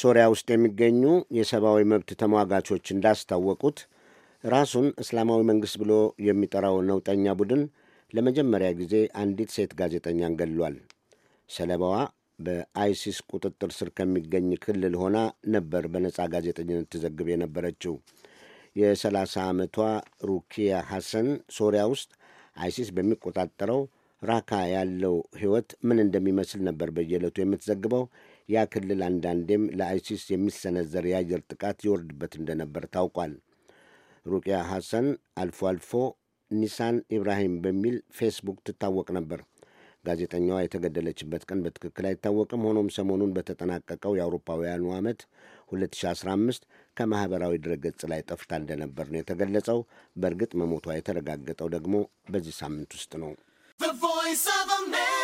ሶሪያ ውስጥ የሚገኙ የሰብአዊ መብት ተሟጋቾች እንዳስታወቁት ራሱን እስላማዊ መንግሥት ብሎ የሚጠራው ነውጠኛ ቡድን ለመጀመሪያ ጊዜ አንዲት ሴት ጋዜጠኛን ገድሏል። ሰለባዋ በአይሲስ ቁጥጥር ስር ከሚገኝ ክልል ሆና ነበር በነጻ ጋዜጠኝነት ትዘግብ የነበረችው። የ30 ዓመቷ ሩኪያ ሐሰን ሶሪያ ውስጥ አይሲስ በሚቆጣጠረው ራካ ያለው ሕይወት ምን እንደሚመስል ነበር በየዕለቱ የምትዘግበው። ያ ክልል አንዳንዴም ለአይሲስ የሚሰነዘር የአየር ጥቃት ይወርድበት እንደነበር ታውቋል። ሩቅያ ሐሰን አልፎ አልፎ ኒሳን ኢብራሂም በሚል ፌስቡክ ትታወቅ ነበር። ጋዜጠኛዋ የተገደለችበት ቀን በትክክል አይታወቅም። ሆኖም ሰሞኑን በተጠናቀቀው የአውሮፓውያኑ ዓመት 2015 ከማኅበራዊ ድረገጽ ላይ ጠፍታ እንደነበር ነው የተገለጸው። በእርግጥ መሞቷ የተረጋገጠው ደግሞ በዚህ ሳምንት ውስጥ ነው። The voice of a man.